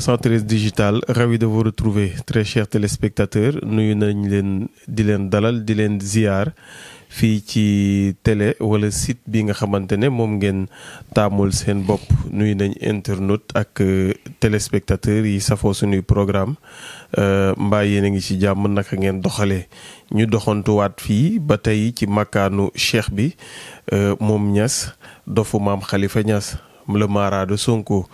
313 digital ravi de vous retrouver très chers téléspectateurs nuyu nañ leen di leen dalal di leen ziar fii ci télé wala site bi nga xamante ne moom ngeen taamul seen bopp nuyu nañ internaute ak euh, téléspectateurs yi safoo suñuy programme euh, mbaa yéen a ngi ci jàmm naka ngeen doxalee ñu doxantuwaat fii ba tey ci makkaanu cheikh bi euh, moom Niass dofu maam Khalifa Niass le mara de Sonko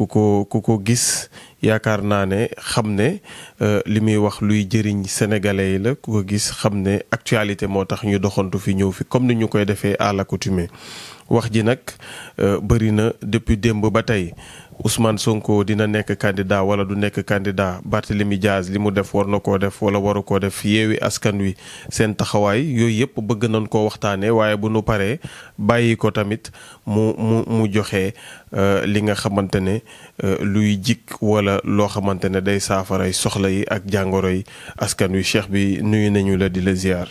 ku ko ku ko gis yaakaar naa ne xam ne euh, li muy wax luy jëriñ sénégalais yi la ku ko gis xam ne actualité moo tax ñu doxantu fi ñëw fi comme ni ñu koy defee à l'accoutumée wax ji nag euh, bëri na depuis démb ba tey Ousmane Sonko dina nekk candidat wala du nekk candidat Barthélemy Diaz li mu def war na koo def wala waru koo def yeewi askan wi seen taxawaay yooyu yëpp bëgg nañ koo waxtaanee waaye bu nu paree bàyyi ko tamit mu mu mu joxe euh, li nga xamante ne euh, luy jikk wala loo xamante ne day saafaray soxla yi ak jàngoro yi askan wi cheikh bi nuyu nañu la di la ziar.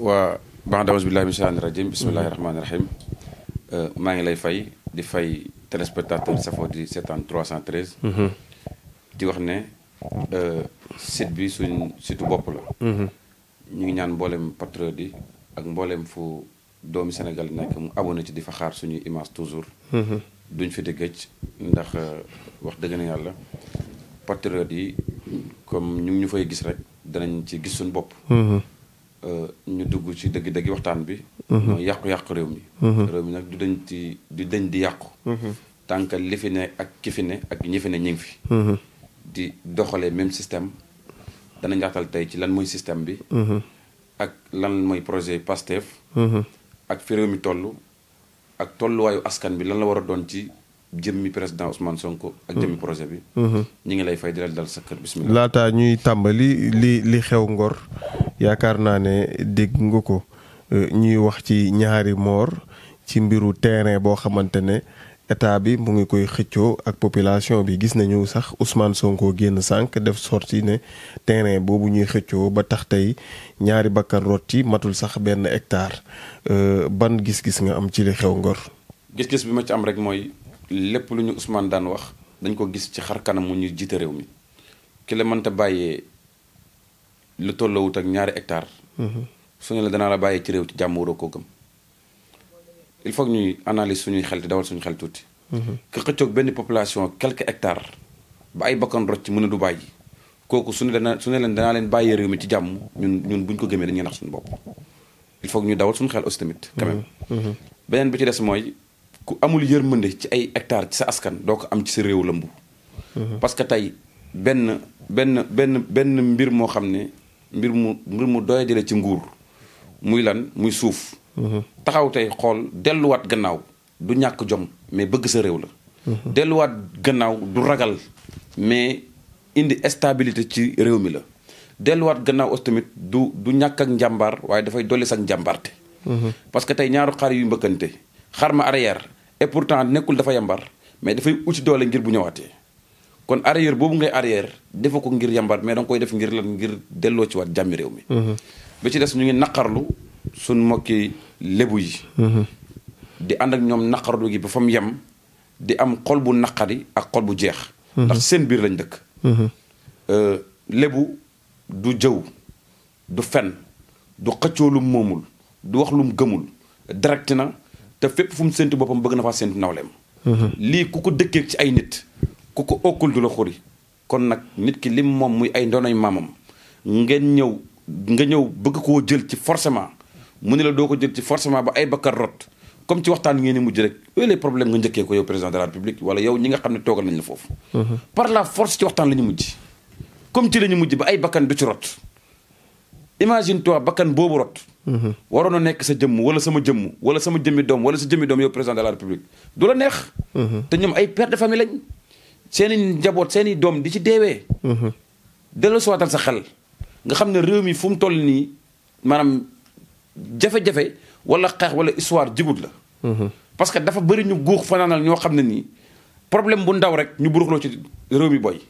waa ba'da auzu billahi euh, maa ngi lay fay di fay. téléspectateur safoo di seetaan 313. Mhm. di wax ne euh, site bi suñ situ bopp la. Mhm. ñu ngi ñaan mboolem patriote yi ak mboolem fu doomi Sénégal nekk mu abonné ci di fa xaar suñuy image toujours. Mhm. duñ fi di gëj ndax euh, wax dëgg na yàlla patriote yi comme ñu fay gis rek danañ ci gis suñu bopp. Euh, ñu dugg ci dëgg-dëgg waxtaan bi. Mhm. mooy yàqu-yàqu réew mi. Mhm. réew mi nag du dañ ci du di yàqu. Mhm. tant que li fi ne ak ki fi ne ak ñi fi ne ñu ngi fi. di doxalee même système dana njaatal tey ci lan mooy système bi. ak lan mooy projet PASTEF. ak fi réew mi toll ak tolluwaayu askan bi lan la war a doon ci. jëmmi président Ousmane Sonko ak jëmmi projet bi. ñu ngi lay fay di dal sa kër bisimilah. laataa ñuy tàmbali li li xew Ngor yaakaar naa ne dégg nga ko euh, ñuy wax ci ñaari moor ci mbiru terrain boo xamante ne état bi mu ngi koy xëccoo ak population bi gis nañu sax Ousmane sonkoo génn sànq def sorti ne terrain boobu ñuy xëccoo ba tax tey ñaari bakkan rot ci matul sax benn hectare euh, ban gis-gis nga am ci li xew Ngor. gis-gis bi ma ci am rek mooy lépp lu ñu Ousmane daan wax dañ ko gis ci xar kanam mu ñu jiite réew mi ki mënta bàyyee lu tolloowut ak ñaari hectare mhm. su ne la danaa la bàyyi ci réew ci jàmm waroo koo gëm il faut ñuy analyse suñuy xel te dawal suñu xel tuuti mhm. ki xëccoog benn population quelques hectares ba ay bakkan rocc mën a du bàyyi kooku su ne dana su ne leen danaa leen bàyyi réew mi ci jàmm ñun ñun bu ñu ko gëmee dañuy nax suñu bopp il faut ñu dawal suñu xel aussi tamit mhm. beneen bi ci des mooy ku amul mënde ci ay hectares ci sa askan doo ko am ci sa réew lëmb parce que tey benn benn benn benn mbir moo xam ne mbir mu mbir mu doy di la ci nguur muy lan muy suuf mhm. taxaw tey xool delluwaat gannaaw du ñàkk jom mais bëgg sa réew la mhm. delluwaat gannaaw du ragal mais indi stabilité ci réew mi la delluwaat gannaaw aussi tamit du du ñàkk ak njàmbaar waaye dafay dolli sax njàmbaarte mhm. parce que tey ñaaru xar yu mbëkkante xar ma arrière et pourtant nekkul dafa yambar mais dafay uti doole ngir bu ñëwaatee kon arrière boobu ngay arrière defa ko ngir yambar mais da koy def ngir lan ngir delloo ci waat jàmmi réew mi mhm. ba ci des ñu ngi naqarlu suñ mbokki lébu yi mhm. di ànd ak ñoom naqarlu gi ba fa mu yem di am xol bu naqari ak xol bu jeex mhm. ndax seen biir lañ dëkk euh, lébu du jëw du fen du xëccoo lum moomul du wax lum gëmul direct na te fépp fu mu séntu boppam bëgg na faa séntu nawleem lii ku ko dëkkee ci ay nit ku ko okkul du la xuri kon nag nit ki lim moom muy ay ndonoy maamam ngeen ñëw nga ñëw bëgg koo jël ci forcement mu ne la doo ko jël ci forcément ba ay bakkar rot comme ci waxtaan ngeen mujj rek yooyu les problèmes nga njëkkee ko yow président de la république wala yow ñi la foofu. Mhm. par la comme ci la ñu mujj ba ay bakkan du ci rot imagine toi bakkan boobu rot. Mhm. waroon a nekk sa jëmm wala sama jëmm wala sama jëmmi doom wala sa jëmmi doom yow président de la république du la neex. Mhm. te ñoom ay père de famille lañ. seen njaboot seen i doom di ci deewee. Mhm. delloo si waatal sa xel nga xam ne réew mi fu mu toll nii maanaam jafe-jafe wala xeex wala histoire jibut la. Mhm. parce que dafa bari ñu guux fanaanal ñoo xam ne nii problème bu ndaw rek ñu buruxloo ci réew mi boy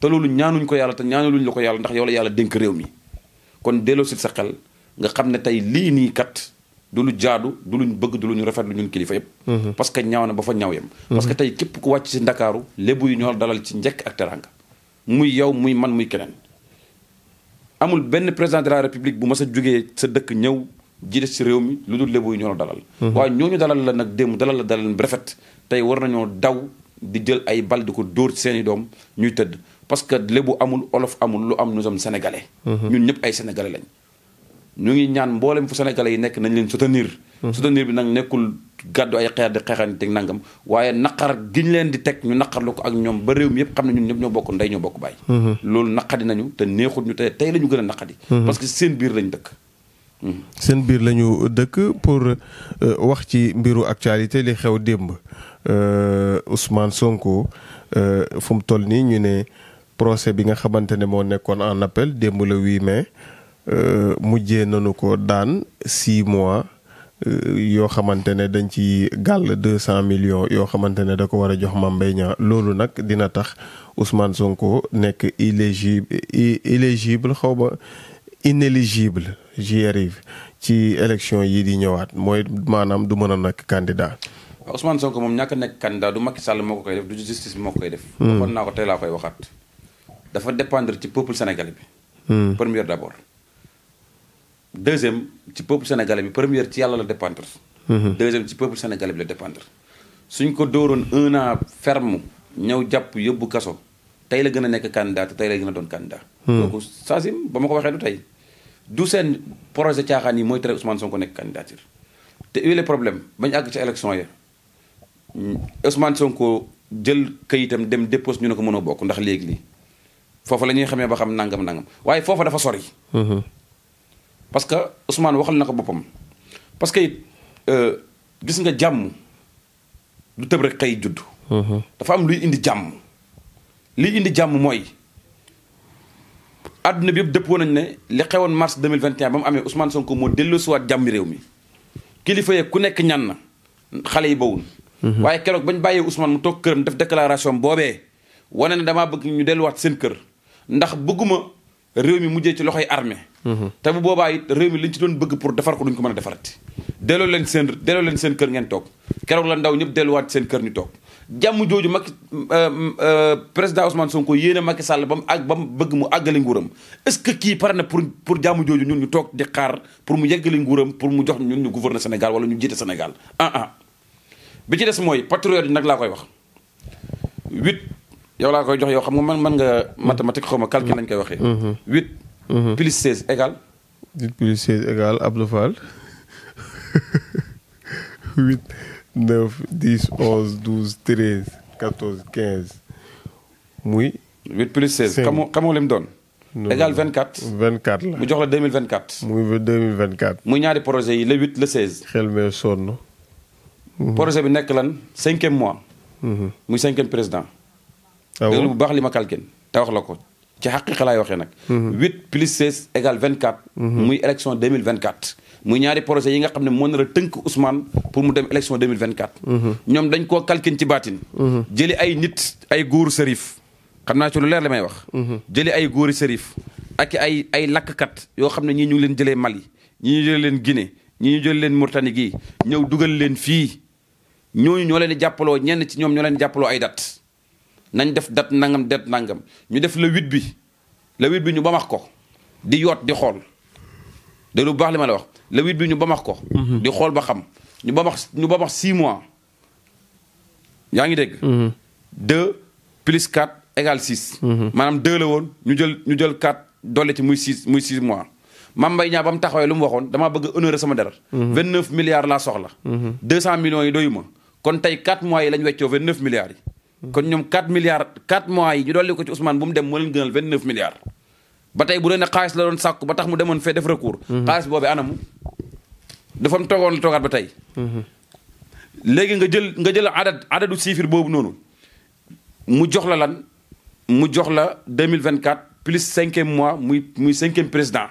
te loolu ñaanuñ ko yàlla te ñaanuñ la ko yàlla ndax yow la yàlla dénk réew mi kon delloo sa xel nga xam ne tey lii nii kat. du lu jaadu du luñ bëgg du rafet lu ñun kilifa yëpp. Mhm. parce que ñaaw na ba fa ñaaw yem. parce que mhm. tey képp ku wàcc si ndakaaru lébu yu ñoo dalal ci njekk ak teranga muy yow muy man muy keneen amul benn président de la république bu ma sa jógee sa dëkk ñëw jiite si réew mi lu dul lébu yu ñoo dalal. Mhm. waaye ñu dalal la nag démb dalal la dalal rafet tey war nañoo daw di jël ay bal di ko dóor seen i doom ñuy tëdd parce que lébu amul olof amul lu am nous sommes sénégalais. ñëpp ay sénégalais ñu ngi ñaan mboolem fu sénégalais yi nekk nañ leen soutenir mm-hmm. soutenir bi nag nekkul gàddu ay xeer di xeexan teg nangam waaye naqar ñu leen di teg ñu naqarlu ko ak ñoom ba réew mi yëpp xam ne ñu ñëpp ñoo bokk ndey ñoo bokk bàyyi mm-hmm. loolu naqadi nañu te neexul ñu te tey lañu ñu gën a naqadi mm-hmm. parce que seen biir lañ dëkk seen biir la ñu dëkk pour euh, wax ci mbiru actualité li xew démb euh, Ousmane Sonko euh, fu mu toll nii ñu ne procès bi nga xamante ne moo nekkoon en appel démb le 8 mai Euh, mujjee nanu ko daan six mois euh, yoo xamante ne dañ ci gàll deux cent millions yoo xamante ne da ko war a jox Mame Mbaye loolu nag dina tax Ousmane Sonko nekk éligible éligible xaw ma inéligible j'y arrive ci élection yi di ñëwaat mooy maanaam du mën a nakk candidat. waaw Ousmane Sonko moom ñàkk nekk candidat du Macky Sall moo ko koy def du justice moo ko koy def. Hmm. waxoon naa ko tey laa koy waxaat. dafa dépendre ci peuple sénégal bi. Hmm. première d'abord. deuxième ci peuple sénégale bi première ci yàlla la dépendre. Mhm. deuxième ci peuple sénégalais bi la dépendre. suñ ko dóoroon un an ferme ñëw jàpp yóbbu kaso tey la gën a nekk candidat tey la gën a doon candidat. donc mhm. Sasim ba ma ko waxee du tey du seen projet caaxaan yi mooy tere Ousmane Sonko nekk candidature. te huile problème bañ àgg ci élection ya Ousmane ko jël kayitam dem dépose ñu ne ko mënoo bokk ndax léegi lii foofu la ñuy xamee ba xam nangam nangam parce que Ousmane waxal na ko boppam parce que it euh, gis nga jàmm lu tëb rek xëy juddu mhm. dafa am luy indi jàmm. liy indi jàmm mooy àdduna bi yëpp dëppoo nañ ne li xewoon mars 2021 ba mu amee Ousmane ko moo delloosiwaat jàmmi réew mi kilifa yee ku nekk ñan na xale yi bawul. Mhm. waaye keroog bañ bàyyee Ousmane mu toog këram def déclaration boobee wane ne damaa bëgg ñu delluwaat seen kër ndax bëgguma réew mi mujjee ci loxoy armée te bu boobaa it réew mi liñ ci doon bëgg pour defar ko duñ ko mën a defarati delloo leen seen delloo leen seen kër ngeen toog keroog la ndaw ñëpp delluwaat seen kër ñu toog jàmm jooju Macky euh, euh, président Ousmane Sonko yéene Macky Sall ba mu àgg ba mu bëgg mu àggali nguuram est-ce que kii pare na pour pour jàmm jooju ñun ñu toog di xaar pour mu yeggali nguuram pour mu jox ñun ñu gouverner Sénégal wala ñu jiite Sénégal ah ah bi ci des mooy patriote yi nag laa koy wax huit yow laa koy jox yow xam nga man man nga mathématique xaw ma calcul lañ koy waxee mm-hmm. Mhm. plus 16 égale. 8 plus 16 égale Abdou Fall. 8 9 10 11 12 13 14 15 muy. 8 plus 16 xamoo xamoo lim doon. égal 24. 24 la mu jox la 2024. vingt 2024. muy ñaari projet yi le 8 le 16. xel mee sonn. Mhm. projet bi nekk lan cinquième mois. Mhm. muy cinquième président. waaw ah déglu bu baax li ma calqué te wax la ko. ci xaqiqa laay waxee nag. 8 mhm. plus 16 égale 24. Mhm. muy élection 2024. muy ñaari projet yi nga xam ne moo a tënk Ousmane pour mu dem élection 2024. Mhm. ñoom dañ koo kalkin ci baatin. jëli ay nit ay góoru sërif xam naa ci lu leer la may wax. jëli ay góori sërif ak ay ay lakkat yoo xam ne ñii ñu ngi leen jëlee Mali ñii ñu jëlee leen Guinée ñii ñu jëlee leen Mauritanie gii ñëw dugal leen fii ñooñu ñoo leen di jàppaloo ñenn ci ñoom ñoo leen jàppaloo ay dat nañ def dat nangam dat nangam ñu def le huit bi le bi ñu bamax ko di yoot di xool de lu baax li ma la wax le huit bi ñu bamax ko. Mhm. di xool ba xam ñu ba max ñu ba max six mois yaa ngi dégg. Mhm. de plus quatre égale six. Mhm. maanaam deux la woon ñu jël ñu jël quatre dolli ci muy six mois. Mame Mbaye ba mu taxawee lu mu waxoon dama bëgg honorer sama dara. vingt neuf milliards laa soxla. deux cent millions yi doyu ma kon tey quatre mois yi lañ weccoo vingt neuf milliards yi. kon ñoom 4 milliards 4 mois yi ñu dolli ko ci Ousmane bu mu dem moo leen gënal 29 milliards. ba tey bu dee ne xaalis la doon sàkku ba tax mu demoon fee def recours. Mhm. xaalis boobu anamu. dafa mu toogoon la toogaat ba tey. Mhm. léegi nga jël nga jël adat adadu siifir boobu noonu mu jox la lan mu jox la 2024 plus cinquième mois muy muy cinquième président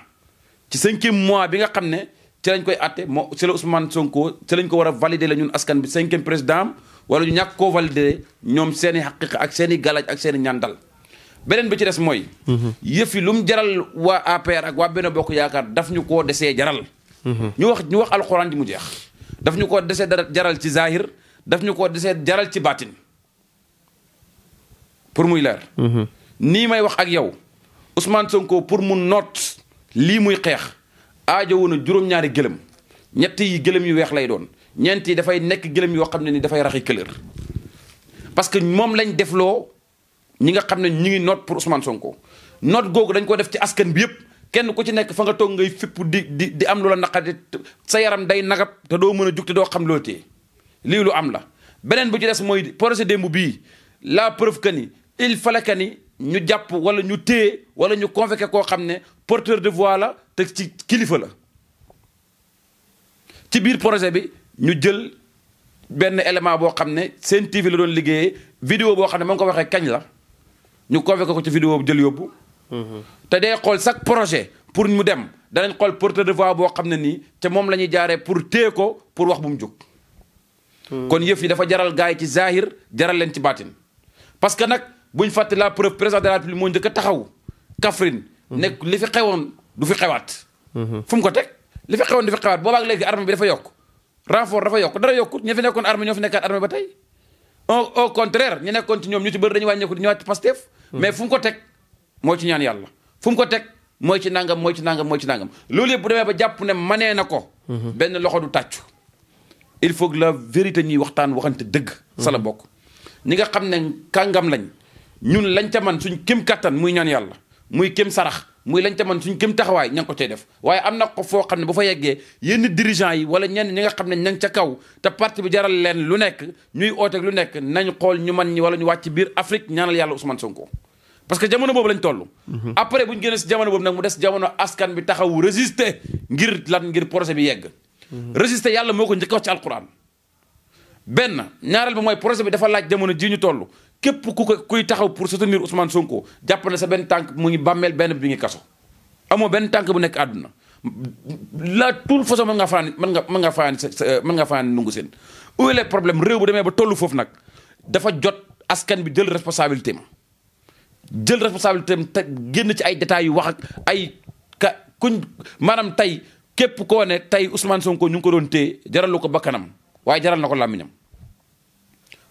ci cinquième mois bi nga xam ne ci lañ koy atte moo ci la Ousmane Sonko ci lañ ko war a valider la ñun askan bi cinquième président wala ñu ñàkk koo valider ñoom seen i xaqiq ak seen i galaj ak seeni i ñandal beneen bi ci des mooy. yëf yi lu mu jaral waa APR ak waa benn bokk yaakaar daf ñu koo desee jaral. ñu wax ñu wax alxuraan ji mu jeex. daf ñu koo desee jaral ci zahir daf ñu koo desee jaral ci baatin pour muy leer. nii may wax ak yow Ousmane Sonko pour mu noot lii muy xeex aajo woon juróom-ñaari gëlëm ñetti yi gëlëm yu weex lay doon. ñeent yi dafay nekk gëlëm yoo xam ne ni dafay raxi këlër parce que moom lañ loo ñi nga xam ne ñu ngi noot pour Ousmane Sonko noot googu dañ ko def ci askan bi yëpp kenn ku ci nekk fa nga toog ngay fipp di di di am lu la naqari sa yaram day nagab te doo mën a jug te doo xam loo tee lii lu am la. beneen bu ci des mooy projet démb bii la preuve que ni il fallait que ni ñu jàpp wala ñu téye wala ñu convoqué koo xam ne porteur de voix la te ci kilifa la ci biir projet bi. ñu jël benn élément boo xam ne seen TV la doon liggéeyee video boo xam ne ma ngi ko waxee kañ la ñu convoqué ko ci vidéo bu jël yóbbu. Mhm. te day xool chaque projet pour mu dem danañ xool porteur de voix boo xam ne nii te moom la ñuy jaaree pour téye ko pour wax bu mu jóg. Mhm. kon yëf yi dafa jaral gars yi ci zahir jaral leen ci baatin. parce que nag buñ fàtte la preuve président de la République moo njëkk a taxaw Kaffrine. Mhm. nekk li fi xewoon du fi xewaat. fu mu ko teg li fi xewoon du fi xewaat boobaag léegi armée bi dafa yokk. renfort dafa yokk dara yokkut ña fi nekkoon armée ñoo fi nekkaat armée ba tey au contraire ñu nekkoon ti ñoom ñu ci bëri dañu wàññeeku di ñëwaat ci Pastef hmm. mais fu mu ko teg mooy ci ñaan yàlla fu mu ko teg mooy ci nangam mooy ci nangam mooy ci nangam loolu yëpp bu demee ba jàpp ne manee na ko hmm. benn loxo du tàccu il faut la vérité ñuy waxtaan te dëgg sala hmm. bokk ñi nga xam ne kàngam lañ ñun lañ ca man suñ kém kattan muy ñaan yàlla muy kém sarax muy lañ te man suñ gëm taxawaay ña ngi ko cay def waaye am na ko foo xam ne bu fa yeggee yenn dirigeant yi wala ñenn ñi nga xam ne ña ngi ca kaw te parti bi jaral leen lu nekk ñuy ooteeg lu nekk nañ xool ñu man ñi wala ñu wàcc biir Afrique ñaanal yàlla Ousmane Sonko. parce que jamono boobu lañ tollu mhm. après bu ñu génnee si jamono boobu nag mu des jamono askan bi taxawu résister ngir lan ngir projet bi yegg. Mhm. résister yàlla moo ko njëkk wax ci alquran. benn ñaareel ba mooy projet bi dafa laaj jamono ji ñu toll képp ku ko kuy taxaw pour soutenir Ousmane Sonko jàpp sa benn tànk mu ngi bàmmeel benn bi ngi kaso amoo benn tànk bu nekk àdduna la toute façon mën ngaa fanaan mën nga mën ngaa fanaan mën ngaa fanaan nungu seen où est problème réew bu demee ba tollu foofu nag dafa jot askan bi jël responsabilité ma jël responsabilité am te génn ci ay détails yu wax ak ay ka kuñ maanaam tey képp koo ne tey Ousmane Sonko ñu ngi ko doon téye jaralu ko bakkanam waaye jaral na ko làmmiñam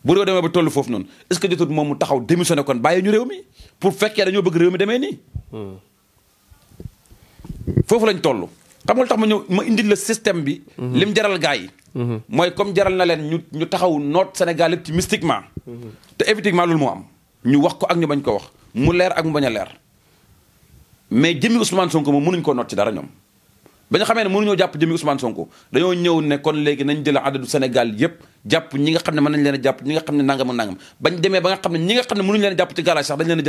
bu réew demee ba toll foofu noonu est-ce que jotul moom mu taxaw démissionné kon bàyyi ñu réew mi pour fekkee dañoo bëgg réew mi demee nii. foofu lañ toll. xam nga tax ma ñëw ma indil la système bi. Mhm. lim jaral gaa yi. Mhm. mooy comme jaral na leen ñu ñu taxaw noot Sénégal yëpp ci mystiquement. Mhm. te effectivement loolu moo am. ñu wax ko ak ñu bañ ko wax mu leer ak mu bañ a leer mais jëmmi Ousmane Sonko moom mënuñ koo noot ci dara ñoom. ba ñu xamee ne mënuñoo jàpp jëmi Ousmane Sonko dañoo kon léegi nañ jël adadu Sénégal jàpp ñi nga xam ne mën nañ leen a ñi nga xam ne nangam ak nangam bañ demee ba nga xam ne ñi xam ne mënuñu leen a jàpp ci garage sax dañ leen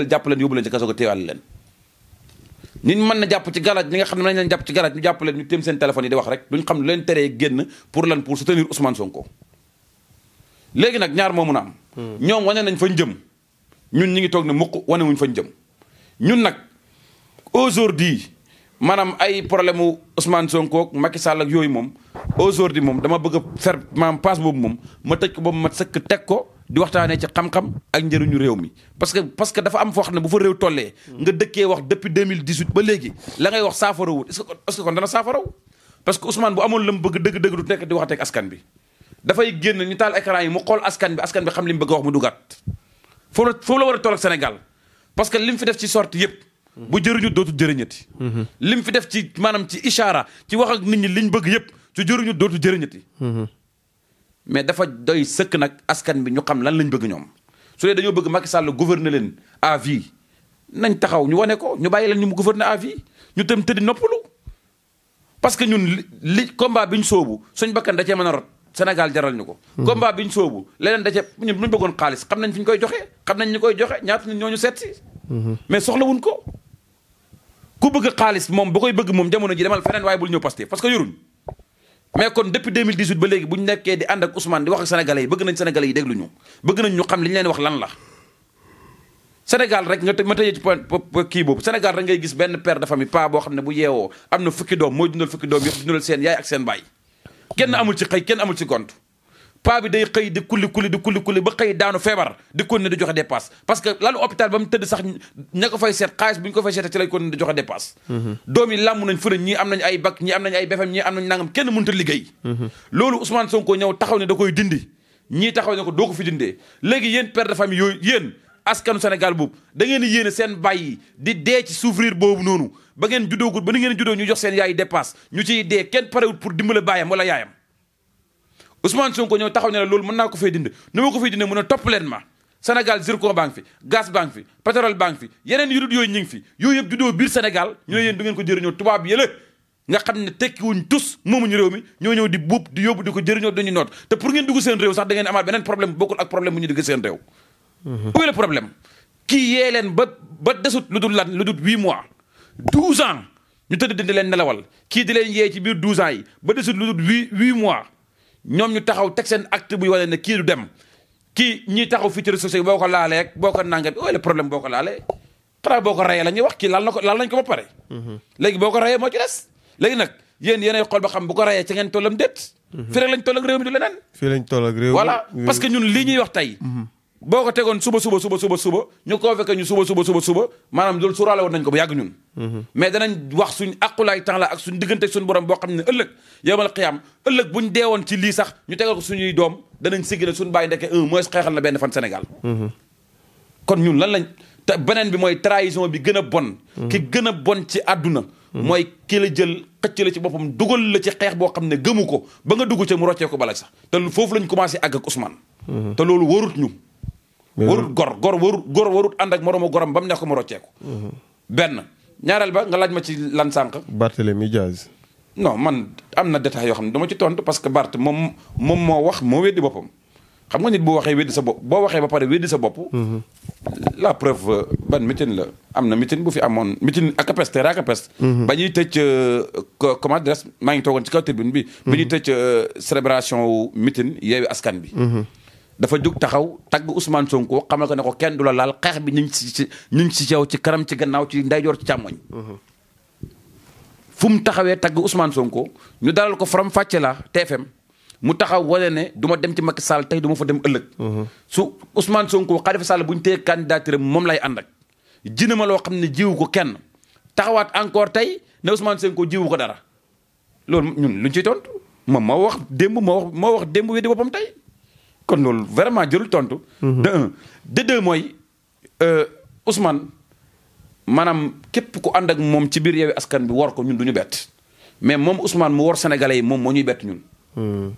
mën na jàpp ci garage ñi nga xam ne nañ leen jàpp ci garage ñu jàpp leen ñu téem seen téléphone yi di wax rek duñ xam lu leen teree génn pour léegi nag ñaar moo mun a am hmm. ñoom wane nañ fañ jëm ñun ñi ngi toog ne mukk wane wuñ fañ jëm ñun nag aujourd'hui maanaam ay problème mu Ousmane Sonko ak Macky ak yooyu moom aujourd'hui moom dama bëgg a faire maam passe boobu moom ma tëj ko ba mu mat sëkk teg ko di waxtaanee ci xam-xam ak njëriñu réew mi. parce que parce que dafa am foo xam ne bu fa réew nga dëkkee wax depuis 2018 ba léegi la ngay wax saafarawut est-ce que est-ce parce que Ousmane bu amoon la mu bëgg dëgg-dëgg du nekk di waxateeg askan bi. dafay génn ñu taal ecran yi mu xool askan bi askan bi xam li mu bëgg a wax mu dugaat foofu la war a toll ak Sénégal parce que li mu fi def ci sorte yëpp bu jëriñu dootu jëriñati mhm. lim fi def ci maanaam ci ishaara ci wax ak nit ñi liñ bëgg yëpp ci jëriñu dootu jëriñati mhm. mais dafa doy sëkk nag askan bi ñu xam lan lañ bëgg ñoom su dee dañoo bëgg Macky Sall gouverner leen à vie nañ taxaw ñu wane ko ñu bàyyi leen ñu mu gouverner à vie ñu tam tëddi noppalu parce que ñun li combat bi ñu soobu suñ bakkan da cee mën a rot Sénégal jaral ñu ko. Mhm. combat bi ñu sóobu leneen da cee ñun bu ñu bëggoon xaalis xam nañ fi ñu koy joxe xam nañ ñu koy joxe ñaat nit ñoo ñu seet si. mais soxlawuñ ko. ku bëgg xaalis moom ba koy bëgg moom jamono ji demal feneen waaye bul ñëw Pastef parce que yoruñ mais kon depuis 2018 ba léegi bu ñu nekkee di ànd ak Ousmane di wax ak sénégalais yi bëgg nañ sénégalais yi déglu bëgg nañ ñu xam li ñu leen wax lan la Sénégal rek nga ma tëjee ci point kii boobu Sénégal rek ngay gis benn per de famille pa boo xam ne bu yeewoo am na fukki doom mooy dundal fukki doom yëpp dundal seen yaay ak seen baay kenn amul xëy kenn amul ci gont paa bi day xëy di kulli kulli di kulli kulli ba xëy daanu feebar di continuer di joxe dépasse parce que lalu hôpital ba mu tëdd sax ña ko fay seet xaalis bu ñu ko fay a ci lay continuer di joxe dépasse mhm. doom yi làmm ne a liggéey mhm. loolu Ousmane taxaw ne da koy dindi ñii taxaw ne ko doo ko fi dindee léegi yéen père de famille yooyu yéen askanu Sénégal boobu da ngeen di yéene seen bàyyi di dee ci souffrir boobu noonu ba ngeen juddoogut ba ni ngeen juddoo ñu jox seen yaay dépasse ñu ci dee kenn parewut pour dimbale baayam wala yaayam Ousmane Sonko ñëw taxaw ne la loolu mën naa ko fay dind nu ma a topp leen ma Sénégal zircon baa fi gaz baa fi pétrole baa fi yeneen yu dul yooyu ñu ngi fi yooyu yëpp juddoo biir Sénégal ñu ne yéen du ngeen ko jëriñoo tubaab yële nga xam ne tekkiwuñ mi ñoo ñëw di buub di yóbbu di ko jëriñoo dañu noot seen réew sax da ngeen amaat beneen problème bokkul ak problème bu ñu dugg seen réew mhm. où est le problème kii yee leen ba ba desut lu dul lan lu dul huit mois douze ñu tëdd di leen nelawal kii di leen yee ci biir douze ans yi ba desut lu dul huit mois ñoom ñu taxaw teg seen acte buy wane ne kii du dem kii ñiy taxaw fii ci réseaux boo ko laalee boo ko nangam le problème boo ko laalee xanaa boo ko rayee la ñuy wax kii laal na ko laal nañ ko ba pare. Mhm. léegi boo ko rayee moo ci des léegi nag yéen yéenay xool ba xam bu ko rayee ci ngeen tollam déet. Mhm. fii rek lañ toll ak réew mi du leneen. fii parce que ñun lii ñuy wax tey. Mhm. boo ko tegoon suba suba suba suba suba ñu convoqué ñu suba suba suba suba maanaam loolu sóoraale woon nañ ko bu yàgg ñun mhm. mais danañ wax suñ aqulaay temps la ak suñ diggante suñ borom boo xam ne ëllëg yawmal qiyaam ëllëg buñ deewoon ci lii sax ñu tegal ko suñuy doom danañ siggi ne suñ bàyyi ndekkee un mois xeexal na benn fan Sénégal mhm. kon ñun lan lañ te beneen bi mooy trahison bi gën a bon mhm. ki gën a bon ci àdduna mooy ki la jël xëcc la ci boppam dugal la ci xeex boo xam ne gëmu ko ba nga dugg ca mu roccee ko bala sax te foofu lañ commencé àgg ak Ousmane te loolu warut ñu warut gor gor warut gor warut ànd ak moroomu goram ba mu neex ko mu rocceeku mhm. benn ñaareel ba nga laaj ma ci lan sànq Barthélemy Diaz no man am na détails yoo xam ne dama ci tontu parce que Barth moom moom moo wax moo weddi boppam xam nga nit boo waxee weddi sa bopp boo waxee ba pare weddi sa bopp mhm. la preuve euh, ban mitin la am na mitin bu fi amoon mitin akapes te akapes mhm. ba ñuy tëj euh, comment dirais maa ngi toogoon ci kaw tribune bi ba ñuy tëj euh, célébration wu mitin yeewi askan bi dafa jóg taxaw tagg Ousmane Sonko xamal ko ne ko kenn du la laal xeex bi ñu ngi ci ñu ngi ci yow ci kanam ci gannaaw ci ndeyjoor ci càmmoñ. fu mu taxawee tagg Ousmane Sonko ñu dalal ko Faram Facce la TFM mu taxaw wane ne duma dem ci Macky Sall tey du ma fa dem ëllëg. su Ousmane Sonko Khalifa Sall bu ñu téye candidature moom lay ànd ak. jina ma loo xam ne jiwu ko kenn taxawaat encore tey ne Ousmane Sonko jiwu ko dara loolu ñun luñ ciy tontu moom ma wax démb moo moo wax démb weddi boppam tey. kon loolu vraiment jërul tontu. Mhm. de un de deux mooy euh, Ousmane maanaam képp ku ànd ak moom ci biir Yewwi Askan bi war ko ñun du ñu bett mais moom Ousmane mu war sénégalais yi moom moo ñuy bett ñun. Hmm.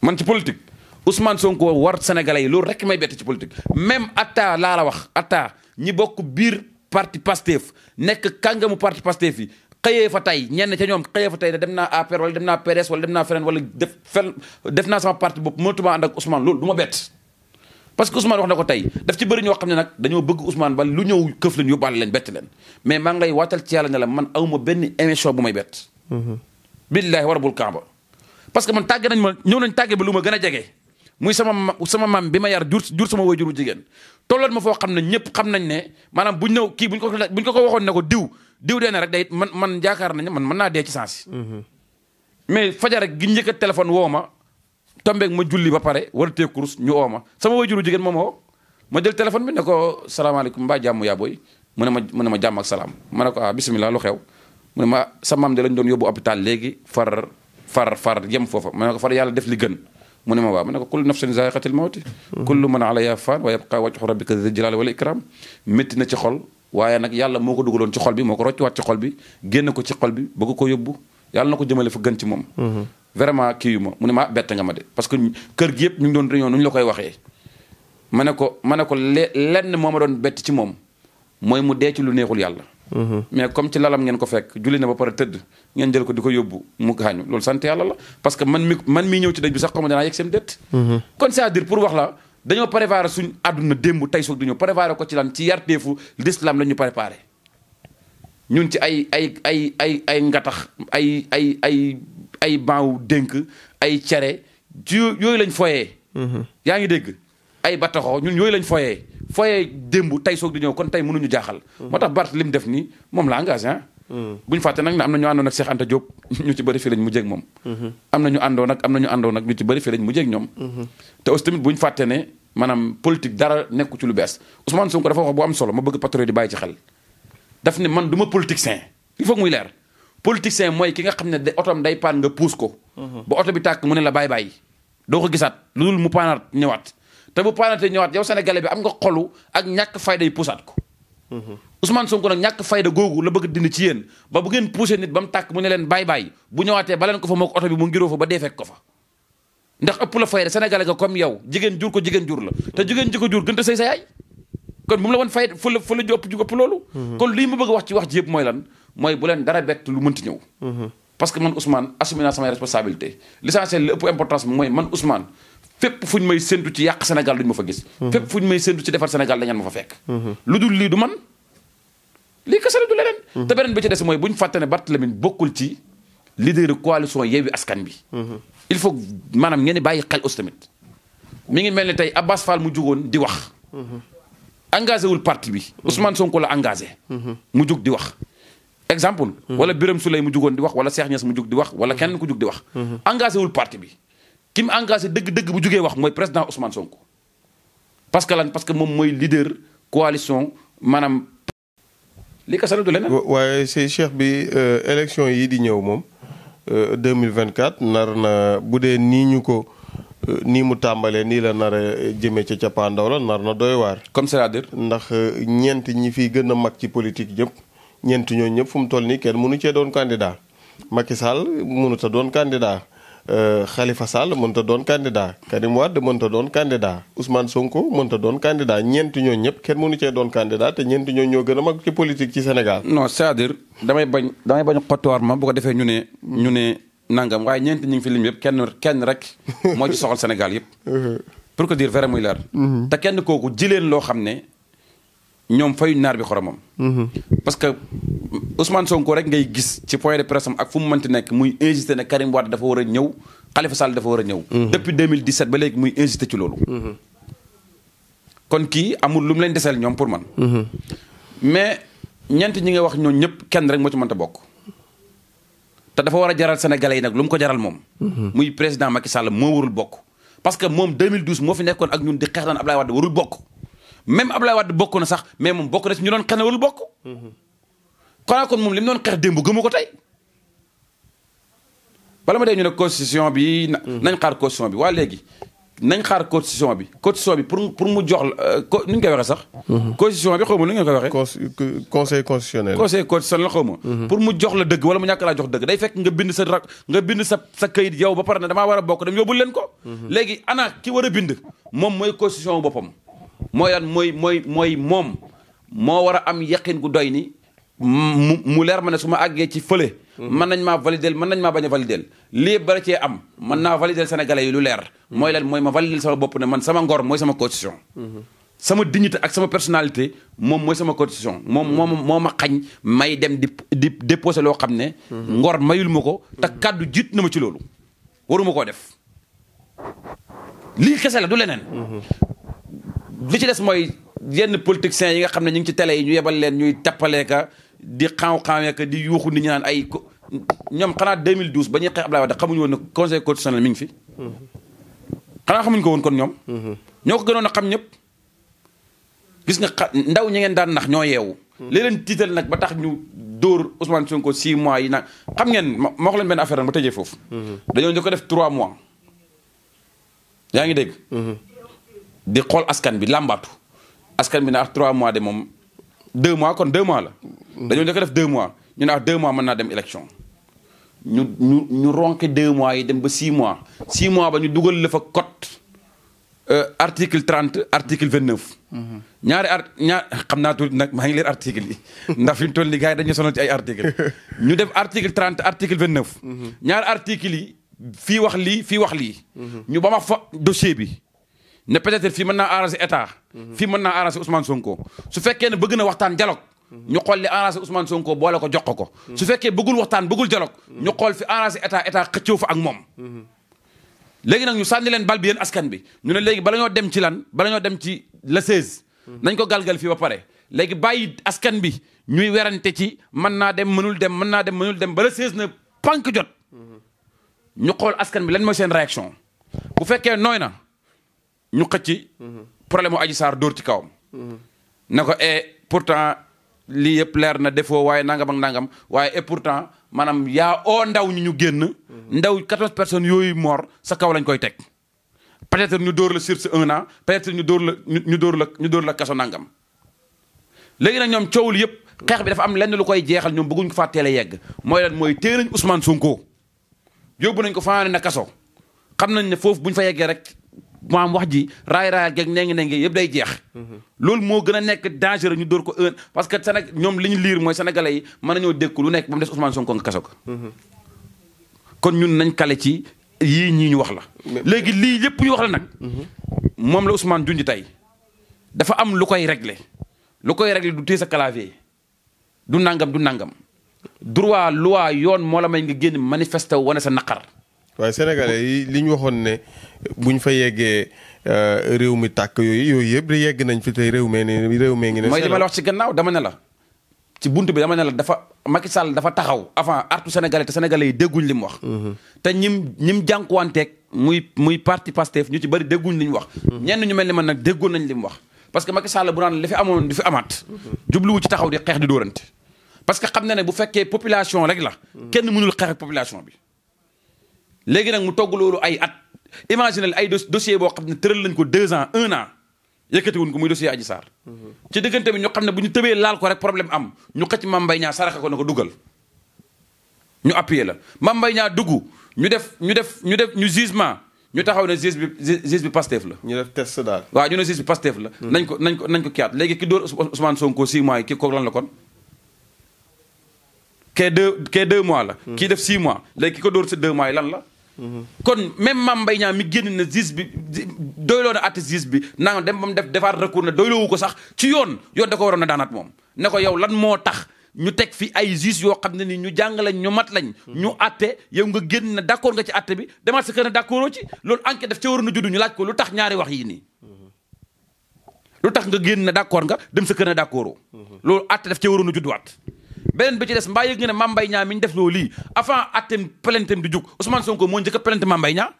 man ci politique Ousmane Sonko war sénégalais yi loolu rek may bett ci politique même atta laa la wax atta ñi bokk biir parti Pastef nekk kàngamu parti Pastef yi. xëyee fa tey ñenn ca ñoom xëyee fa tey ne dem naa APR wala dem naa PDS wala dem naa feneen wala def fen def naa sama parti bopp mënatuma ànd ak Ousmane loolu du ma bett parce que Ousmane wax na ko tey daf ci bëri ñoo xam ne nag dañoo bëgg Ousmane ba lu ñëw këf leen yóbbaale leen bett leen mais maa ngi lay waatal ci yàlla ne la man awma benn émission bu may bett mhm. billaahi wa rabul kaaba parce que man tàgge nañ ma ñëw nañ tàgge ba lu ma gën a jege muy sama sama maam bi ma yar jur jur sama waajur bu jigéen tolloon ma foo xam ne ñëpp xam nañ ne maanaam buñ ñëw kii ko buñ ko ko waxoon ne ko diw diw de na rek day man man jaakaar nañu man mën naa dee ci sens mais fajar gi njëkk téléphone woo ma tombeeg ma julli ba pare war a tee course ñu woo ma sama waajuru jigéen moom woo ma jël téléphone bi ne ko salaamaaleykum mbaa jàmm yaa mu ne ma mu ne ma jàmm ak salaam ma ne ko ah bisimilah lu xew mu ne ma sa maam de lañ doon yóbbu hôpital léegi far far far yem foofa ma ne ko far yàlla def li gën ne ma waaw ma ne ko kullu nafsin zaa'iqatil mawti kullu man alayha faan wa yabqa wajhu rabbika zil jalaali wal ikram métti na ci xol waaye nag yàlla moo ko dugaloon ci xol bi moo ko roccuwaat ci xol bi génn ko ci xol bi bëgg ko yóbbu yàlla na ko jëmale fa gën ci moom mm-hmm. vraiment kii yu ma mu ne ko lenn moo ma doon bett ci moom mooy mu dee ci lu neexul yàlla mm-hmm. mais comme ci lalam ngeen ko fekk julli na ba pare tëdd ngeen jël ko di ko yóbbu mu gaañu loolu sant yàlla la parce que man mi man mii ñëw ci dëj bi sax xaw ma danaa yegg seen dett mm-hmm. kon cest pour wax la dañoo préparé suñ adduna démb tey soog dañoo préparé ko ci lan ci yarteefu l'islam la ñu préparé ñun ci ay ay ay ay ay ngatax ay ay ay ay baaw dénk ay cere yooyu lañ foyee. Mhm. yaa ngi dégg ay bataxoo ñun yooyu lañ foyee foyee démb tey soog dañoo kon tey mënuñu jaaxal. Mhm. moo tax Bart li mu def nii moom la engagé ah. Mhm. bu ñu fàtte nag ne am na ñu àndoon ak Cheikh Anta ci bëri lañ mujjee moom. am na ñu àndoon am na ñu àndoon ak ci bëri fii lañ mujjee ñoom. te aussi tamit bu ñu ne. maanaam politique dara nekku ci lu bees Ousmane Sonko dafa wax bu am solo ma bëgg patriote di bàyyi ci xel ne man ma politicien il faut muy leer politicien mooy ki nga xam ne otoom day paan nga puus ko mhm. ba oto bi tàkk mu ne la bàyyi bàyyi doo ko gisaat lu dul mu paanaat ñëwaat te bu paanaatee ñëwaat yow sénégalais bi am nga xolu ak ñàkk fayda yi puusaat ko mhm. Ousmane Sonko nag ñàkk fayda googu la bëgg dindi ci yéen ba bu ngeen nit ba mu tàkk mu ne leen bàyyi bàyyi bu ñëwaatee ba leen ko fa moo ko bi mu ngiroo fa ba dee fekk ko fa ndax ëpp la fayda sénégalais nga comme yow jigéen jur ko jigéen jur la te jigéen ji ko jur gën te sëy sa yaay kon bu mu la woon fayda fu la fu la ju mhm. a wax ci wax ji yëpp mooy lan mooy bu leen dara bett lu mënti ñëw mhm. parce que man Ousmane assumé naa samay responsabilité l'essentiel li mooy man Ousmane fépp fu ñu may séntu ci yàq Sénégal duñu ma fa gis mhm. fépp fu may séntu ci defar Sénégal dañu ma fa fekk lu dul du man la du leneen te beneen bi ci des mooy bu ñu fàtte ne Barthélémy bokkul ci leader coalition Yewwi Askan bi il faut maanaam ngeen ni bàyyi xel aussi tamit mu ngi mel ne tey Abbas Fall mu jugoon di wax. engagé wul parti bi. Ousmane Sonko la engagé. mu jug di wax. exemple. wala Birame Souleye mu jugoon di wax wala Cheikh Niass mu jug di wax wala kenn ku jug di wax. engagé wul parti bi. ki mu engagé dëgg-dëgg bu jugee wax mooy président Ousmane Sonko. parce que lan parce que moom mooy leader coalition maanaam. li ko sax du leneen. waaye Cheikh bi euh, élection yi di ñëw moom. Euh, deux mille vingt quatre nar na bu dee nii ñu ko euh, nii mu tàmbalee nii la nar a euh, jëmee ca cappaandaw la nar na doy waar. comme c'est-à-dire. ndax ñeent ñi fii gën a mag ci politique yëpp ñeenti ñooñu ñëpp fu mu toll nii kenn mënu cee doon candidat Macky Sall mënut a doon candidat. Euh, Khalifa Sall mënta doon candidat Karim Wade mënta doon candidat Ousmane Sonko mënta doon candidat ñeenti ñooñu ñëpp kenn mënu doon candidat te ñeenti ñooñu ñoo gën a mag ci politique ci Sénégal. non cest à damay bañ damay bañ xottuwaar ma bu ko defee ñu ne ñu waaye ñeenti ñu ngi fi kenn kenn rek moo ci soxal Sénégal uh-huh. pour que dire vrai muy leer. Mm-hmm. te kenn kooku ji loo xam ne. ñoom fayuñ naar bi xoromam. Mm-hmm. parce que Ousmane Sonko rek ngay gis ci point de presse ak fu mu mënti nekk muy insister ne Karim Wade dafa war a ñëw Khalifa Sall dafa war a ñëw. Mm-hmm. depuis 2017 ba léegi muy insister ci loolu. Mm-hmm. kon kii amul lu mu leen deseel ñoom pour man. mais ñeent ñi nga wax ñoo ñëpp kenn rek moo ci mënta bokk. te dafa war a jaral sénégalais yi nag lu mu ko jaral moom. muy président Macky Sall moo warul bokk. parce que moom 2012 moo fi nekkoon ak ñun di xeex bokk. même Abdoulaye Wade bokk na sax mais moom bokk na si ñu doon xeex ne warul bokk. xanaa kon moom li mu doon xeex démb gëmu ko tey. bala ma dee ñu ne constition bi. Mm-hmm. nañ xaar constitution bi waa léegi nañ xaar constitution bi constitution bi pour pour mu jox la euh, nu ñu koy waxee sax. Mm-hmm. constitution bi xaw ma nu ngeen koy waxee. conseil constitutionnel. conseil constitutionnel xaw ma. Mm-hmm. pour mu jox la dëgg wala mu ñàkk laa jox dëgg day fekk nga bind sa rak nga bind sa sa kayit yow ba pare na damaa war a bokk dem yóbbul leen ko. léegi ana ki war a bind moom mooy constitution boppam. mooy lan mooy mooy mooy moom moo war a am yaqin ku doy ni mu mu leer ma ne suma ma àggee ci fële. Mhm. mën nañ maa validel mën nañ maa bañ a validel lii bari cee am mën naa validel sénégalais yi lu leer. mooy lan mooy ma validel sama bopp ne man sama ngor mooy sama constitution. Mhm. sama dignité ak sama personnalité moom mooy sama constitution moom moom mhm. moo ma xañ may dem di di déposer loo xam ne. ngor mayul ma ko. te kàddu jiit na ma ci loolu. waruma koo def lii kese la du leneen. li ci des mooy yenn politiciens yi nga xam ne ñu ngi ci tele yi ñu yebal leen ñuy tappaleeka di xaw-xaweeka di yuuxu nit ñi naan ay ñoom xanaa 2012 ba ñuy xeex Abdoulaye Wade xamuñu woon ne conseil constitutionnel mi ngi fi xanaa xamuñu ko woon kon ñoom mm-hmm. ñoo ko gënoon a xam ñëpp gis nga ndaw ñi ngeen daan nax ñoo yeewu mm-hmm. li tiital nag ba tax ñu dóor Ousmane Sonko 6 mois yi nag xam ngeen ma wax leen benn affaire nag ba tëjee foofu mm-hmm. dañoo ñu ko def 3 mois yaa ngi dégg di xool askan bi làmbaatu askan bi na ah trois mois de moom deux mois kon deux mois la. dañoo njëkk a def deux mois ñu ne ah mois mën naa dem élection. ñu ñu ñu ronke deux mois yi dem ba six mois six mois ba ñu dugal la fa code euh, article trente article vingt neuf. ñaari art ñaar xam naa tuuti nag maa ngi leer article yi ndax fi mu toll nii gars yi dañu sonal ci ay article ñu def article trente article vingt neuf. Mhm. ñaari article yi fii wax lii fii wax lii. Mhm. ñu ba fa dossier bi. ne peut-être fii mën naa arranger état. fii mën naa arranger Ousmane Sonko. su fekkee ne bëgg na waxtaan dialogue. ñu xool li arranger Ousmane Sonko boole ko jox ko. su fekkee bëggul waxtaan bëggul dialogue. ñu xool fi arranger état état xëccoo fa ak moom. léegi nag ñu sànni leen bal bi yéen askan bi ñu ne léegi bala ñoo dem ci lan bala dem ci le 16. nañ ko galgal fi ba pare léegi bàyyi askan bi ñuy werante ci mën naa dem mënul dem mën naa dem mënul dem ba le 16 na pank jot. ñu xool askan bi lan mooy seen réaction bu fekkee nooy na ñu ci problème mu Adji Sarr dóor ci kawam. na ko e eh, pour pourtant lii yëpp leer na defoo waaye nangam nangam waaye pour eh, pourtant maanaam yaa oo ndaw ñu ñu génn. ndaw 14 personnes yooyu mort sa kaw lañ koy teg. peut-être ñu dóor la sur un an ñu dóor la ñu dóor la ñu dóor la kaso nangam. léegi na ñoom coowul yëpp. xeex bi dafa am lenn lu koy jeexal ñoom bëgguñ ko faa teel a yegg mooy lan mooy téye nañ Ousmane Sonko yóbbu nañ ko fanaane na kaso xam nañ ne foofu buñ fa yeggee rek maam wax ji raay raayal geeg nengi nengi yëpp day jeex loolu moo gën a nekk dangereux ñu dóor ko parce que Sénégal ñoom li ñu liir mooy sénégalais yi mën nañoo dékku lu nekk ba kon ñun nañ kale ci yii ñii ñu wax la léegi lii yëpp ñu wax nag moom la Ousmane junj tey dafa am lu koy regle lu koy régler du téye sa clavier du nangam du nangam droit loi yoon moo la may nga génn manifester wane sa naqar waaye sénégalais yi li ñu waxoon ne buñ fa yeggee euh, réew mi tàkk yooyu yooyu yëpp yegg nañ fi tey réew mee réew mee ngi ne mooy li ma la wax ci gannaaw dama ne la ci buntu bi dama ne la dafa Macky Sall dafa taxaw avant artu sénégalais te sénégalais yi dégguñ li mu wax mhm. te ñim ñim jànkuwanteeg muy muy parti Pastef ñu ci bëri dégguñ li ñu wax mhm. ñenn ñu mel ni man nag déggoon nañ li mu wax parce que Macky Sall bu naan li fi amoon du fi amaat mhm. jubluwu ci taxaw di xeex di dóorante parce que xam na ne bu fekkee population rek la kenn mënul xeex ak population bi léegi nag mu togg loolu ay at imaginel ay dossier boo xam ne tëral nañ ko deux ans un an yëkkatiwuñ ko muy dossier Adji saar mm-hmm. ci diggante bi ñu xam ne bu ñu tëbee laal ko rek problème am ñu xëcc Mame Mbaye Niang saraxa ko na ko dugal ñu appuyé la Mame Mbaye Niang dugg ñu def ñu def ñu def ñu jugement ñu taxaw ne juge bi juge bi Pastef la. ñu def test daal. waaw ñu ne juge bi Pastef la. Mm-hmm. nañ ko nañ ko nañ ko kiyaat léegi ki dóor Ousmane Sonko 6 mois yi ki ko lan la kon. kee 2 kee mois la. Mm-hmm. kii def 6 mois léegi ki ko dóor si 2 mois lan la. kon même Mame Mbaye Niang mi génn na justice bi doyloo na àtte justice bi naan dem ba def defaat recours na doyloowu ko sax ci yoon yoon da ko waroon na daanat moom ne ko yow lan moo tax ñu teg fi ay juge yoo xam ne nii ñu jàng lañ ñu mat lañ. ñu àtte yow nga génn na d' accord nga ci àtte bi demaat sa kër na d' accord ci loolu enquête daf ca waroon a juddu ko lu tax ñaari wax yii nii. lu tax nga génn na d' accord nga dem sa kër na d' accord. Mm-hmm. loolu àtte daf ca na a judduwaat. beneen bi ci des mbaa yëg nga ne Mame Mbaye Niang mi ñu def loo lii avant attem plainteem di jug Ousmane Sonko moo njëkk a plainte Mame Mbaye Niang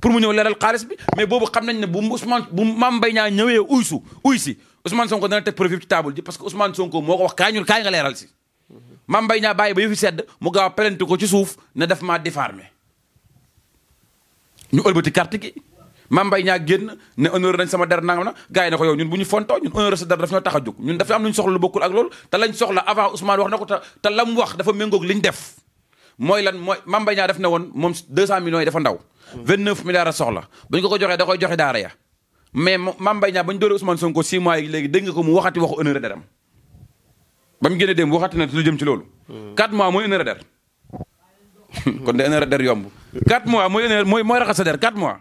pour mu ñëw leeral xaalis bi mais boobu xam nañ ne bu Ousmane bu Mame Mbaye Niang ñëwee uy su uy si Sonko dana teg preuve ci table ji parce que Ousmane Sonko moo ko wax kaay ñun kaay nga leeral si Mame Mbaye Niang bàyyi ba yëfi sedd mu gaaw a plainte ko ci suuf ne daf maa diffamé ñu ëlbati carte gi mam Mbaye ñaa génn ne honneur nañ sama der nangam na gars yi ne ko yow ñun bu ñu fontoo ñun honneur sa der daf ñoo tax a jóg ñun dafa am lu ñu soxla lu bokkul ak loolu te lañ soxla avant Ousmane wax na ko te te wax dafa méngoog li def mooy lan mooy Mame def ne woon moom 200 millions yi dafa ndaw 29 milliards a soxla ko ko joxee da joxe daara mais Mame Mbaye ñaa ba ñu dóoree Ousmane Sonko 6 mois yi ko mu waxati waxu honneur deram ba mu dem waxati na lu jëm ci loolu 4 mois mooy honneur der kon de honneur der yomb 4 mois mooy honneur mooy mooy raxas sa der 4 mois